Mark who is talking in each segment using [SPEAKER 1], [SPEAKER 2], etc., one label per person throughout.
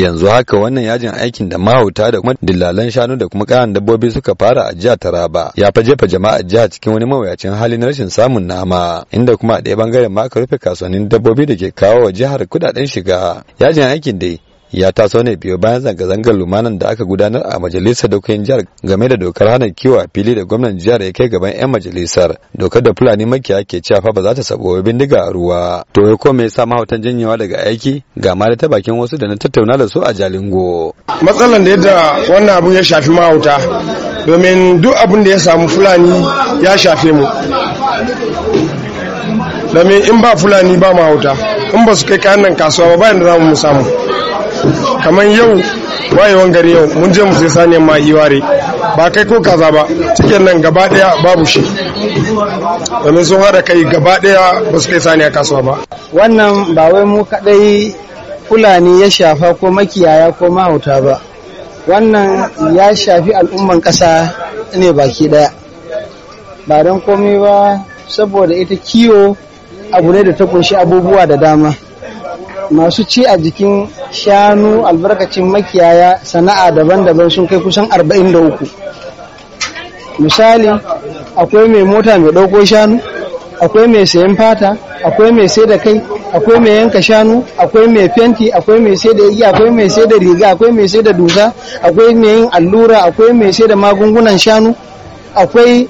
[SPEAKER 1] yanzu haka wannan yajin aikin da mahauta da kuma dillalan shanu da kuma kayan dabbobi suka fara a jihar Taraba ya fa jefa jama'a jiha cikin wani mawuyacin hali na rashin samun nama inda kuma a ɗaya bangaren ma aka rufe kasuwannin dabbobi da ke kawo wa jihar kudaden shiga yajin aikin dai ya taso ne biyo bayan zanga-zangar lumanan da aka gudanar a majalisar dokokin jihar game da dokar hana kiwo a fili da gwamnan jihar ya kai gaban 'yan majalisar dokar da fulani makiya ke cewa fa ba za ta sabo bindiga a ruwa to ya kome ya yasa mahautan janyewa daga aiki ga ma da ta bakin wasu da na tattauna da su a jalingo matsalan da yadda
[SPEAKER 2] wannan abu ya shafi mahauta domin duk abin da ya samu fulani ya shafe mu domin in ba fulani ba mahauta in ba su kai kayan nan kasuwa ba bayan da za mu samu kamar yau wayewan gari yau mun je mu sai saniyan ma iware ba kai ko kaza ba cikin nan gaba daya babu shi domin sun hada kai gaba daya ba su kai saniya kasuwa ba
[SPEAKER 3] wannan ba wai mu kadai fulani ya shafa ko makiyaya ko mahauta ba wannan ya shafi al'umman ƙasa ne baki ɗaya ba don komai ba saboda ita kiwo abu ne da ta kunshi abubuwa da dama masu ci a jikin shanu albarkacin makiyaya sana'a daban-daban sun kai kusan 43 misali akwai mai mota mai dauko shanu akwai mai sayan fata akwai mai sai da kai akwai mai yanka shanu akwai mai fenti akwai mai sai da yi akwai mai sai da riga akwai mai sai da dusa akwai mai yin allura akwai mai sai da magungunan shanu akwai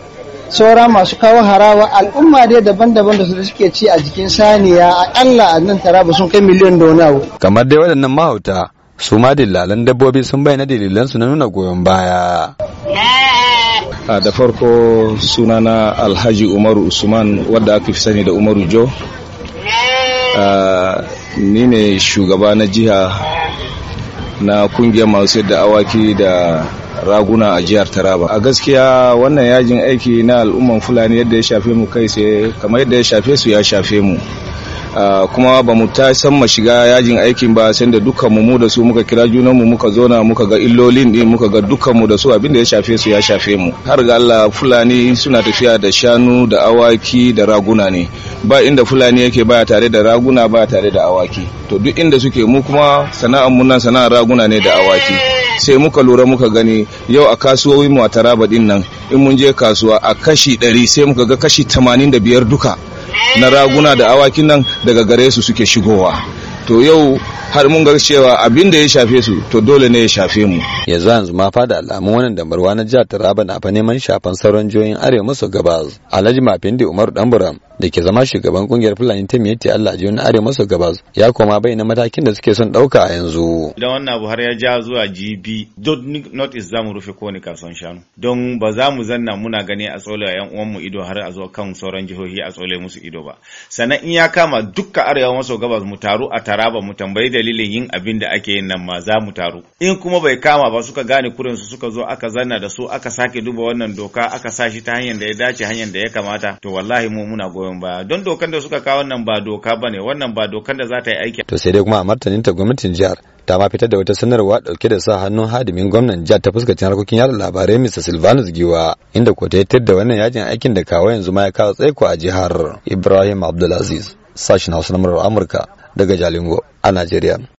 [SPEAKER 3] saura masu kawo harawa al'umma dai daban-daban da su suke ci a jikin saniya a Allah a nan taraba sun kai miliyan da
[SPEAKER 1] kamar dai waɗannan mahauta su ma dillalan dabbobi sun bayyana su na nuna goyon baya
[SPEAKER 4] da farko sunana alhaji umaru usman wadda aka fi sani da umaru jo ni ne shugaba na jiha na kungiyar masu da awaki da raguna a jihar Taraba. A gaskiya wannan yajin aiki na al'umman Fulani yadda ya shafe mu kai sai kamar yadda ya shafe su ya shafe mu. Ah, kuma ba mu ta san mu shiga yajin aikin ba sai da dukkan mu da su muka kira junan mu muka zona muka ga illolin din muka ga dukkan mu da su abin da ya shafe su ya shafe mu har ga Allah fulani suna tafiya da shanu da awaki da raguna ne ba inda fulani yake ba tare da raguna ba tare da awaki to duk inda suke mu kuma sana'ar mu nan sana'ar raguna ne da awaki sai muka lura muka gani yau a kasuwowi mu a taraba din nan in mun je kasuwa a kashi 100 sai muka ga kashi 85 duka na raguna da awakin nan daga gare su suke shigowa to yau har mun ga cewa abin da ya
[SPEAKER 1] shafe su to dole ne ya shafe mu yanzu yanzu ma fa da alamun wannan damarwa na jihar Taraba na fa neman shafan sauran jihohin Arewa maso gabas Alhaji Mafindi Umar Danburam da ke zama shugaban kungiyar Fulani ta miyati Allah jihohin Arewa maso gabas ya koma bai na matakin da suke son dauka a yanzu
[SPEAKER 5] idan wannan abu har ya ja zuwa GB dot not is zamu rufe ko kowane kasuwan shanu
[SPEAKER 1] don ba za
[SPEAKER 5] mu zanna muna gani a tsole yan uwan mu ido har a zo kan sauran jihohi a tsole musu ido ba sannan in ya kama dukkan Arewa maso gabas mu taru a Taraba mu tambayi dalilin yin abin da ake yin nan ma za mu taru in kuma bai kama ba suka gane su suka zo aka zanna da su aka sake duba wannan doka aka sa shi ta hanyar da ya dace hanyar da ya kamata to wallahi mu muna goyon baya don dokan da suka kawo wannan ba doka bane wannan ba dokan da za ta yi aiki to
[SPEAKER 1] sai dai kuma a martanin ta gwamnatin jihar ta ma fitar da wata sanarwa dauke da sa hannun hadimin gwamnan jihar ta fuskacin harkokin yada labarai Mr. Silvanus Giwa inda ko ta yi da wannan yajin aikin da kawo yanzu ma ya kawo tsaiko a jihar Ibrahim Abdulaziz sashin Hausa na murar Amurka daga Jalingo a Najeriya.